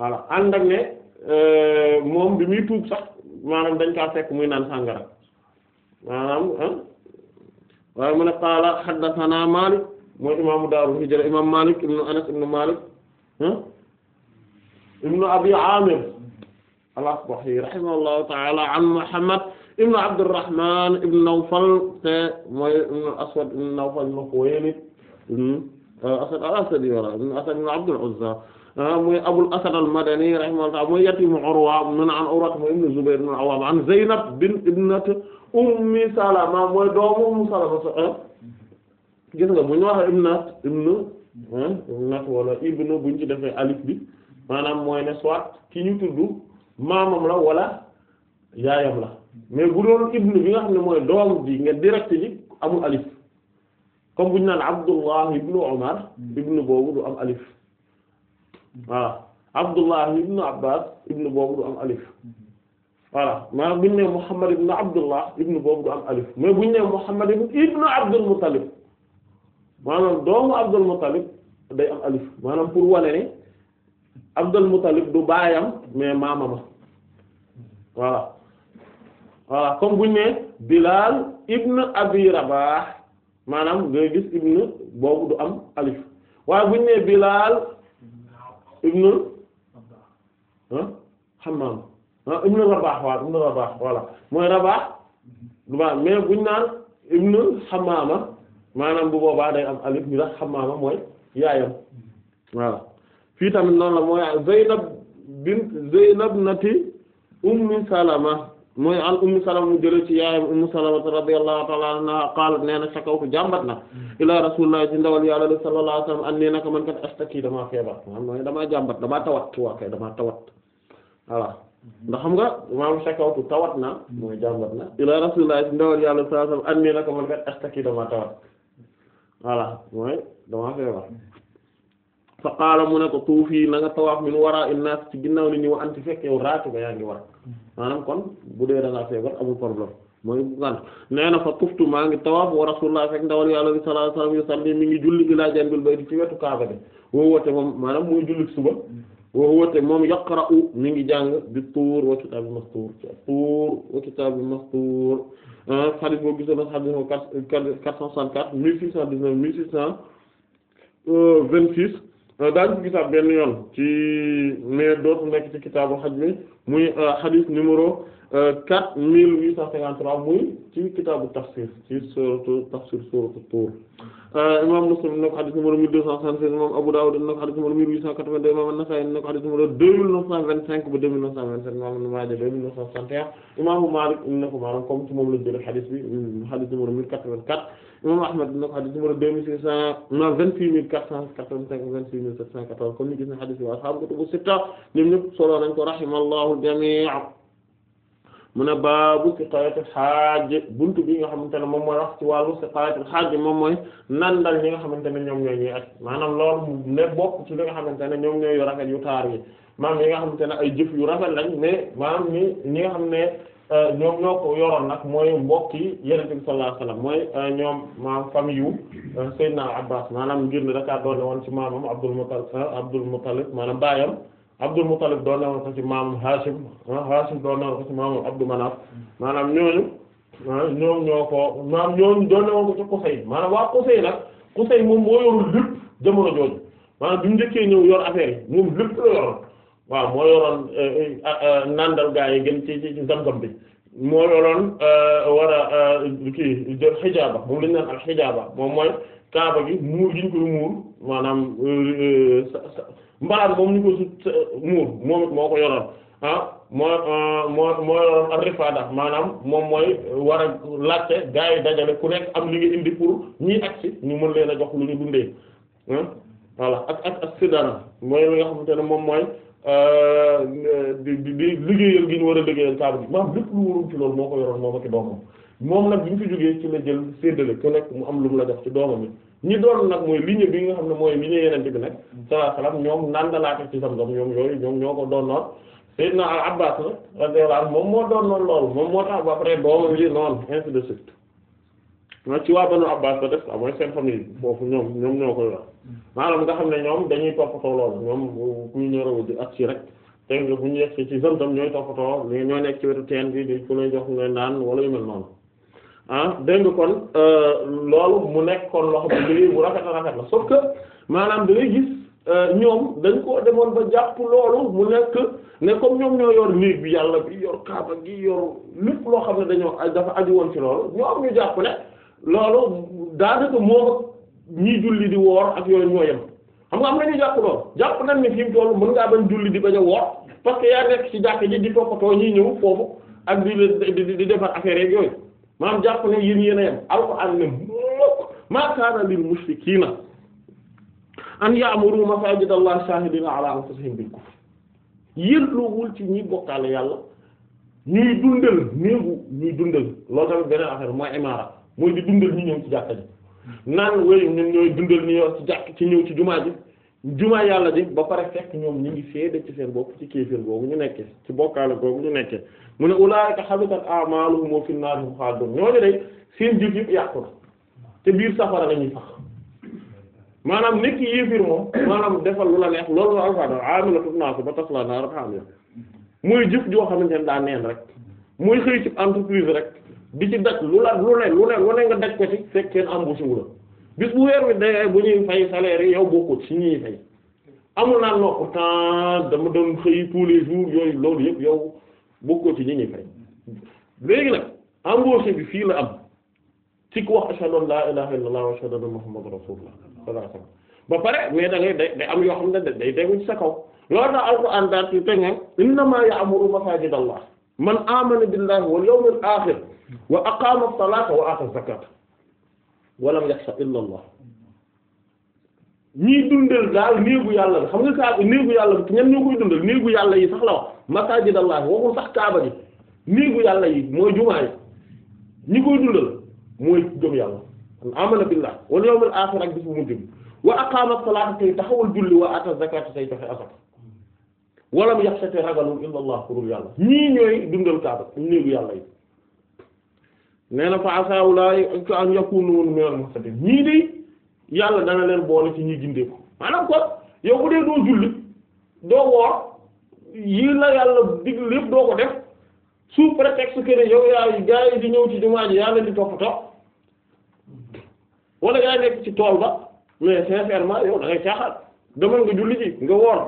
voilà ànd ak ne euh, moom bi muy tuub sax maanaam dañ kaa fekk muy naan sàngara maanaam ah, waaye mu ne qaala haddathana Malik mooy imaamu daaru hijra imaam Malik ibnu Anas ibnu Malik ah, ibnu Abi Amir al-Asbahi rahimahullahu ta'ala an Muhammad ibnu Abdurrahman ibnu Nawfal te mooy ibnu Aswad ibnu Nawfal ibnu Xuwaylid ibnu Asad Abdul Uzza ah, mooy Abul Asad al-Madani rahimahullah mooy yatiimu Urwa min an Urwa mooy ibnu Zubayr ibnu Awwaam an Zaynab bin ibnat Ummi Salama mooy doomu Ummi Salama ah. gis nga bu ñu waxee ibnat ibnu ah, ibnat wala ibnu bu ñu alif bi maanaam mooy ne soit ki ñu tudd maamam la wala yaayam la mais bu ibnu bi nga xam ne mooy doom ji nga direct ji amul alif comme bu ñu naan Abdullah ibnu Umar ibnu boobu du am alif voilà Abdullah ibnu Abbas ibnu boobu du am alif voilà maanaam bu ñu nee Muhammad ibnu Abdullah ibnu am alif mais bu ñu nee Muhammad ibnu Abdul Muttalib maanaam doomu Abdul Muttalib day am alif maanaam pour wane ne Abdul du baayam mais maamama voilà voilà comme buñu ne Bilal ibn Abi Rabah maanaam ngay gis ibn boobu du am alif waaye buñu ne Bilal ibn ah Hammam ah ibn Rabah waaw ibn Rabah voilà mooy Rabah du ma mais ibn Hammama maanaam bu boobaa day am alif ñu tax Hammama mooy yaayam voilà fii tamit noonu la mooy Zaynab bint Zaynab nati Ummi Salama mooy al ummu salama mu jëlee ci yaayam ummu salama radiyallahu ta'ala anha qaalat nee na shakawtu jàmbat na mm. ila rasulillah ndawal yàlla li sallallahu alayhi wa sallam an man kat astaki damaa feebar mooy damaa jàmbat damaa tawat waa damaa tawat voilà ndax xam nga maanaam shakawtu tawat na mooy jàmbat na ila rasulillah ci ndawal yàlla li sallallahu alayhi wa sallam an nee naka man kat astaki damaa tawat voilà mooy damaa feebar fa qaala mu ne ko fii na nga tawaaf min waraa innaas ci ginnaaw nit ñi wa anti fekk yow raaki ba yaa ngi war maanaam kon bu dee da ngaa feebar amul problème mooy gant nee na fa tuftu maa ngi tawaaf wa rasulullah fekk ndawal yàlla bi sallallahu alayhi wasallam yusalli mi ngi julli ilaa janbil bayti ci wetu kaaba bi woo woote moom maanaam muy julli suba woo woote moom yaqra'u mi ngi jàng bi tuur wa kitaabi mastuur ci tuur wa kitaabi mastuur ah, xadis boo gisoon na xadis boo quatre cent soixante-quatre mille six Euh, daañu ko gisaat benn yoon ci mais dootu nekk ci kitaabul xaj bi muy euh, xadis numéro euh, quatre mille huit cent cinquante trois muy ci kitaabu tafsir ci suratu tafsir suratu Tuur imam Muslim na ko xadis numéro mille deux cent soixante-seize imam Abu Dawud na ko xadis numéro mille huit cent quatre-vingt-deux imam An-Nasa'i na ko xadis numéro deux mille neuf cent vingt-cinq ba deux mille neuf cent vingt-sept imam Ibn Maaja deux mille neuf cent soixante et un imam na ko la jëlee xadis imam Ahmad dina ko xadis numéro deux mille six cent non vingt-six mille quatre cent quatre-vingt-cinq vingt-six mille sept cent quatorze comme ni gis na xadis yi waa ashaabu kutubu sitta ñoom ñëpp solo nañ ko rahimallahu jamii mu ne baabu siqaayatil xaaj buntu bi nga xamante ne moom mooy wax ci wàllu siqaayatil xaaj moom mooy nandal ñi nga xamante ne ñoom ñooy ñuy aj maanaam loolu ne bokk ci li nga xamante ne ñoom ñooy yu rafet yu taar yi maanaam ñi nga xamante ne ay jëf yu rafet lañ mais maanaam nga xam ne Euh, ñoom ñoo ko yoroon nag mooy mbokki yenente bi sallallahu alayhi wasallam mooy euh, ñoom maam famille yu euh, Seydina Abbas maanaam ngir ne dakaa doon woon ci maamam Abdul Muttalib Abdul Muttalib maanaam baayam Abdul Muttalib doon woon ko ci maamam Hashim Hashim doon woon ko ci maamam Abdu Manaf maanaam ñooñu ñoom ñoo ko maam ñooñu doon woon ko ci Qusay maanaam waa Qusay nag Qusay moom moo yorul lépp jamono jooju maanaam bi mu njëkkee ñëw yor affaire yi moom lépp waaw moo yoroon eh, eh, ah, eh, nandal gaa yi gën ci ci zam bi moo yoroon war kii jël xijaaba moom lañu naan al xijaaba moom mooy kaaba gi muur gi ñu koy muur maanaam mbalaan moom ñu ko sut muur moom moo ko yoroon ah, maanaam moom mooy war a laajte gaa yi dajale ku nekk am li nga indi pour ñii agsi ñu mën leen a jox lu ñu dundee ah, voilà ak ak ak sidana mooy li nga xamante ne moom mooy Euh, di di di liggéeyal gi ñu war a liggéeyal kaaba gi maanaam lépp lu waroon ci loolu moo ko yoroon moom ak doomam moom nag bi ñu fi jógee ci la jël séddale mu am lu mu la jox ci doomam yi ñi doon nag mooy lignée bi nga xam ne mooy lignée yenente bi nag sallallahu alayhi wasallam ñoom nandalaate ci Zamzam ñoom yooyu ñoom ñoo ko doon noon Sayyidna Abbas moom moo doon noonu moom moo tax ba pare doomam yi noonu ainsi de suite ci waa Banu Abbas la def ah, mooy seen famille foofu ñoom ñoom ñoo koy wax maanaam nga xam ne ñoom dañuy toppatoo loolu ñoom ku ñu ñoroo di ak si rek teg bu ñu yegg ci Zamzam ñooy toppatoo ñoo nekk ci wetu teen bi di ku ne jox nga naan wala yu mel noonu ah dégg nga kon euh, loolu mu nekk kon loxo bu rafet a la sauf que maanaam da ngay gis. Euh, dañ koo demoon ba jàpp loolu mu nekk ne comme ñoom ñoo yor néeg bi yàlla bi yor kaaba gi yor lépp loo xam ne dañoo dafa aju woon ci loolu ñoom ñu jàpp ne loolu daanaka moo ñii julli di woor ak yooyu ñoo yem xam nga am nañu jàpp lool jàpp nañ ne fi mu toll mën ngaa bañ julli di bañ a woor parce que yaa nekk ci jàkk ji di toppatoo ñuy ñëw foofu ak di di defar affaire yeeg yooyu maanaam jàpp ne yéen yéen a yem alxuraan ne mukk maa kaana lil mushrikiina an ya'muru masaajida Allahi shaahidiina alaa anfusihim bil kufr yelloowul ci ñi bokkaale yàlla ñuy dundal néegu ñuy dundal loolu tamit beneen affaire mooy dundal ñu ñëw ci jàkka ji naan wéy ñun ñooy dundal ni yow ci jàkk ci ñëw ci jumaa ji jumaa yàlla ji ba pare fekk ñoom ñu ngi seede ci seen bopp ci kéeféer googu ñu nekke ci bokkaale googu ñu nekke mu ne ulaa'ika habitat a'maaluhum wa fi an-naar hum xaaliduun ñooñu day seen jëf yëpp yàqu te biir safara lañuy sax maanaam nekk yéeféer moom maanaam defal lu la neex loolu la alfada aamilatun naasiba taslaa naaran haamiya muy jëf joo xamante ne daa neen rek mooy xëy ci entreprise rek di ci daj lu la lu ne lu ne lu ne nga daj ko ci fekk kenn embauché wu la bis bu weer wi dee bu ñuy fay salaire yi yow bokkut ci ñuy fay amul naa non pourtant dama doon xëy tous les jours yooyu loolu yëpp yow bokkut ci ñi ñuy fay léegi nag embauché bi fii la am ci ku wax ashhadu an la ilaha illallah wa ashhadu anna muhammadur ba pare mais da ngay day am yoo xam ne day déglu ci sa kaw loolu daal alquran daal ci teg nga innama ya'muru masajidallah man amana billahi wal yawmil akhir wa aqama as-salata wa ata az wa lam yaxsha illa allah ñii dundal daal néegu yàlla bi xam nga saa néegu yàlla bi yàlla yi sax la wax kaaba ji néegu yàlla yi mooy jumaa yi ñi dundal mooy gëm yàlla amana billah wal yawmil akhir ak bis bu mujj bi wa aqama as-salata tey taxawal julli wa ata az-zakata say joxe asaka walam yaxsha te illa allah kurul yàlla ñooy dundal kaaba néegu yàlla yi nee na fa asaawulaay an yakunu minal muhtadin ñii de yàlla dana leen boole ci ñi gindee ko maanaam kon yow bu dee doo julli doo woor yii la yàlla dig lépp doo ko def sous prétexte que a yow yaay gaa yi di ñëw ci jumaa ji yàlla di toppatoo wala yaa nekk ci tool ba mais sincèrement yow da ngay caaxaan demal nga julli ji nga woor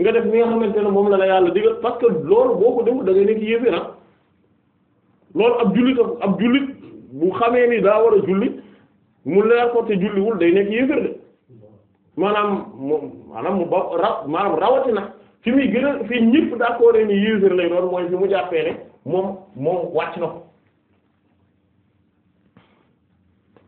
nga def mi nga xamante ne moom la la yàlla digal parce que loolu boo ko deful da ngay nekk yéeféer ah. lool ab jullit ab jullit bu xamee ni daa war a julli mu leer ko te julliwul day nekk yéefér de maanaam mu maanaam ba ra rawatina fi muy gën a fi ñëpp d'accord ni yéefér lay doon mooy fi mu jàppee moom moom wàcc na ko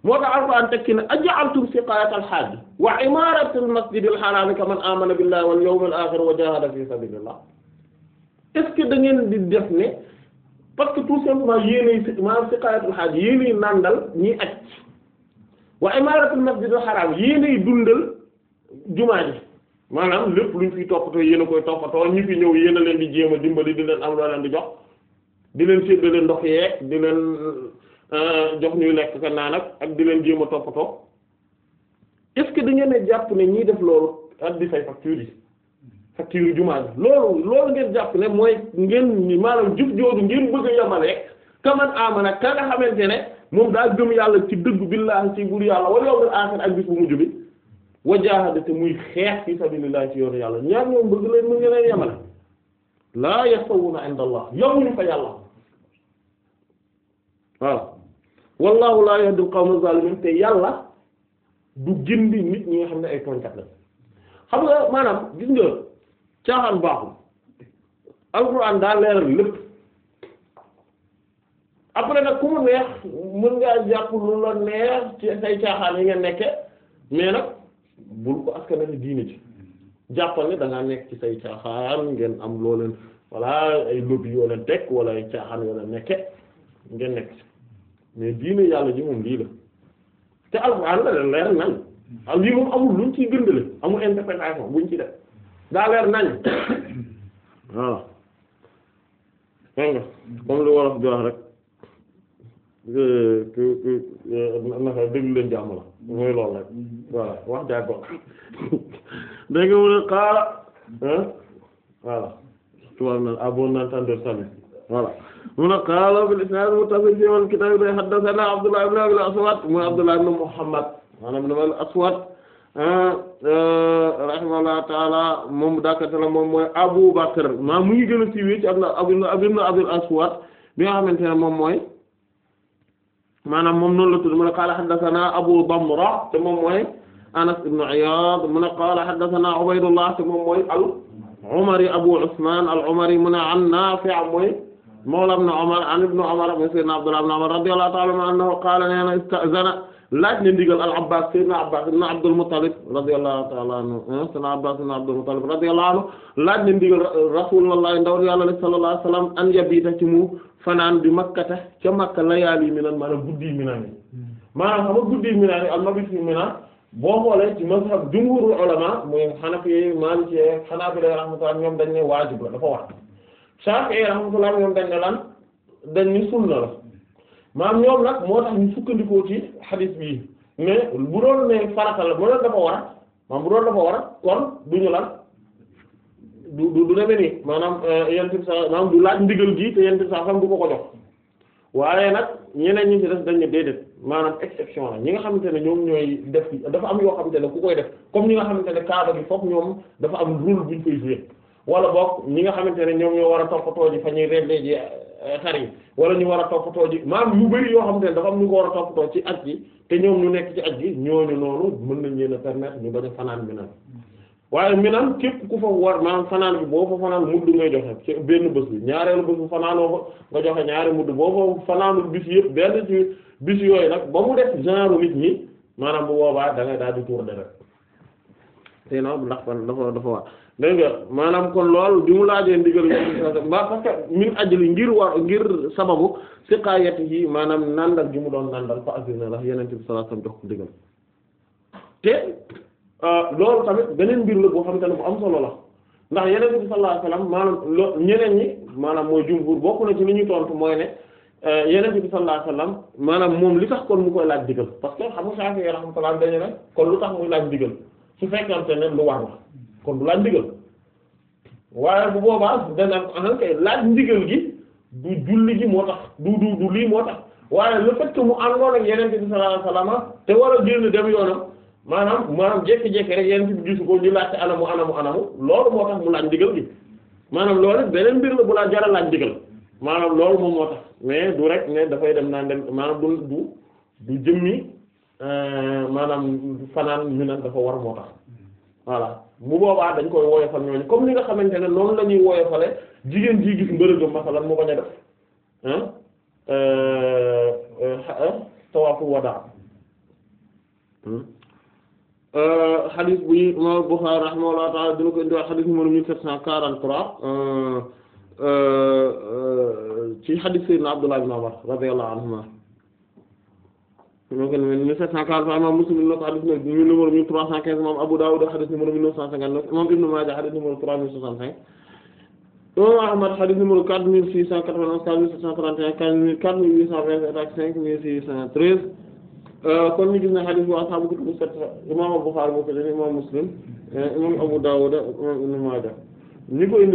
moo tax alxuraan tekki ne aj'altum siqayat alxaaj wa imarata almasjid alxaraam kaman amana billahi wal yawmil axir wa fi sabilillah est-ce di def parce que tout simplement yéenay maanaam siqaayatul xaaj yéenay nàndal ñiy aj wa imaaratul masjidil xaraam yéenay dundal jumaa ji maanaam lépp luñ fiy toppatoo yéen a koy toppatoo ñi fi ñëw yéen leen di jéema dimbali di leen am loo di jox di leen séddale ndox yeeg di leen euh, jox ñuy lekk ka naan ak di leen jéem a toppatoo est-ce que da ngeen a jàpp ne ñiy def loolu ak di fay facture yi. facture jumaa ji loolu loolu ngeen jàpp ne mooy ngeen maanaam jub jooju ngeen bëgg a yemale kaman amana ka nga xamante ne moom daa gëm yàlla ci dëgg billaahi ci bur yàlla wal yawmil aaxir ak bis bu mujj bi wajaahada te muy xeex fi sabilillahi ci yoonu yàlla ñaar ñoom bëgg leen mu ngeen leen laa yastawuuna inda allah yamuñu fa yàlla voilà wallahu laa yahdil qawma zalimin te yàlla xam ne ay la xam nga maanaam gis nga caaxaan baaxul alxuraan daa leeral lépp après nag ku mu neex mën ngaa jàpp lu la neex ci say caaxaan yi nga nekke mais nag bul ko askan wi diine ci jàppal ne danga nekk ci say caaxaan ngeen am loo leen walla ay lobby yoo leen teg walla ay caaxaan yoo leen nekke ngeen nekk mais diine yàlla ji moom lii la te alxuraan la leeral nan ah, lii moom amul luñ ciy gëndale amul interprétation buñ ci def daa nang nañ voilà dégg nga comme lu wolof di wax rek euh, naka déglu leen jàmm la mooy wax jaa ko dégg nga mu ne xaala voilà na à bon entendeur salut voilà mu bil isnad muttasil fi man kitab bi haddathana Abdullah ibn Abi aswad mu Abdullah ibn Muhammad maanaam dama al-Aswad Euh, euh, rahimahullah taala moom dakkate la moom mooy Abu Bakr maa mu ngi gën a siiwee ci ab na ab na Abul Aswad bi nga xamante ne moom mooy maanaam moom noonu la tudd mu ne qaala haddathana Abu Damra te moom mooy Anas ibn Iyad mu ne qaala haddathana Ubaydullah te moom mooy al-Umari Abu Usman al-Umari mu ne an Nafi' mooy mawla ibn Umar an ibn Umar sayyidina Abdullah ibn Umar radiyallahu ta'ala anhu qaala nee na ista'zana laaj ne ndigal al abbas sayyidina abbas ibn abdul muttalib radiyallahu ta'ala anhu sayyidina abbas ibn abdul muttalib radiyallahu anhu laaj ne ndigal rasulullah ndawal yàlla sallallahu alayhi wasallam an yabita ci mu fanaan bi makkata ca makka layaali minan maanaam guddi minan yi maanaam xam nga guddi minan yi al mabit minan boo xoolee ci mazhab jumhurul ulama muy hanafi maliki hanabila rahmatullah ñoom dañ ne waajib la dafa war shafi'i rahmatullah ñoom dañ ne lan dañ ne sunna la maam ñoom nag moo tax ñu sukkandikoo ci xadiis bii mais bu doon ne farata la bu doon dafa war a bu doon dafa war a kon du ñu lan du du demee nii maanaam euh, yent bi sa maanaam du laaj ndigal gii te yent bi sa xam du ko ko jox waaye nag ñeneen ñi ci def dañ ne déedéet maanaam exception la ñi nga xamante ne ñoom ñooy def dafa am yoo xamante ne ku koy def comme ñi nga xamante ne kaaba gi foofu ñoom dafa am rôle buñ koy jouer wala boog ñi nga xamante ne ñoom ñoo war a toppatoo ji fa ñuy rendee ji euh, xar yi wala ñu war a toppatoo ji maanaam ñu bari yoo xamante ne dafa am ñu ko ci aj gi te ñoom ñu nekk ci aj gi ñooñu noonu mën nañ leen a permettre ñu bañ a fanaan Mina waaye Mina képp ku fa war maanaam fanaan bi boo fa fanaan mudd ngay joxe ci benn bés bi ñaareelu bés bu fanaanoo fa nga joxe ñaari mudd boo fa fanaanul bis yëpp benn ci bis yooyu nag ba mu def genre nit ñi maanaam bu boobaa da ngay daal di tuur deret te non ndax dafa dafa war dégg nga maanaam kon lool bi mu laajee ndigal ba parce que min ajli ngir war ngir sababu siqaayati yi maanaam nandal gi mu doon nandal fa azina la yenente bi sallallahu alayhi wasallam jox ko ndigal te euh, loolu tamit beneen mbir la boo xam te ne bu am solo la ndax yeneen bi sallallahu alayhi wasallam maanaam lo ñeneen ñi maanaam mooy jumhur bokk na ci li ñu tontu mooy ne euh, yenente bi sallallahu alayhi wasallam maanaam moom li tax kon mu koy laaj ndigal parce que xam nga Shafi'i rahmatullah dañu laaj ndigal su fekkante ne lu war kon du laaj ndigal waaye bu boobaa dana anal ah kay laaj ndigal gi bu julli gi moo tax du du du lii moo tax waaye le fait que mu àndoon ak yeneen te war a génn dem yoonam maanaam maanaam jékki-jékki rek yeneen bi gisu ko ñu laajte anamu anamu loolu moo tax mu laaj ndigal gi maanaam loolu beneen mbir la bu laa jara laaj ndigal maanaam loolu moom moo tax mais du rek ne dafay dem naan dem maanaam du du du jëmmi euh, maanaam fanaan ñu naan dafa war moo tax voilà bu boobaa dañ koy woyofal ñooñu comme ni nga xamante ne noonu la ñuy woyofale jigéen jii gis mbërëgam masalan mu bañ a def euh, euh, euh, tawaafu wadaa hmm. xadis bu imam Bukhari rahimahullahu ta'ala dina ko indiwaat xadis numéro mille sept cent quarante-trois ci xadis Sayyidina Abdullah ibn Umar radiyallahu anhuma moo gën mille sept cent quarante-trois imam Muslim indi na ko hadith numéro mille trois cent quinze imam Abu Dawud hadith numéro mille neuf cent cinquante-neuf imam Ibn Maaja hadith numéro trois mille soixante-cinq imam Ahmad hadith numéro quatre mille six cent quatre vingt quatre mille sept cent trente un quatre mille huit cent vingt-sept ak cinq mille six cent treize euh, kon ñu gis ne hadith wa ashaabu imam Bukhari moo ko imam Muslim euh, imam Abu Dawud imam Ibn Maaja ko indi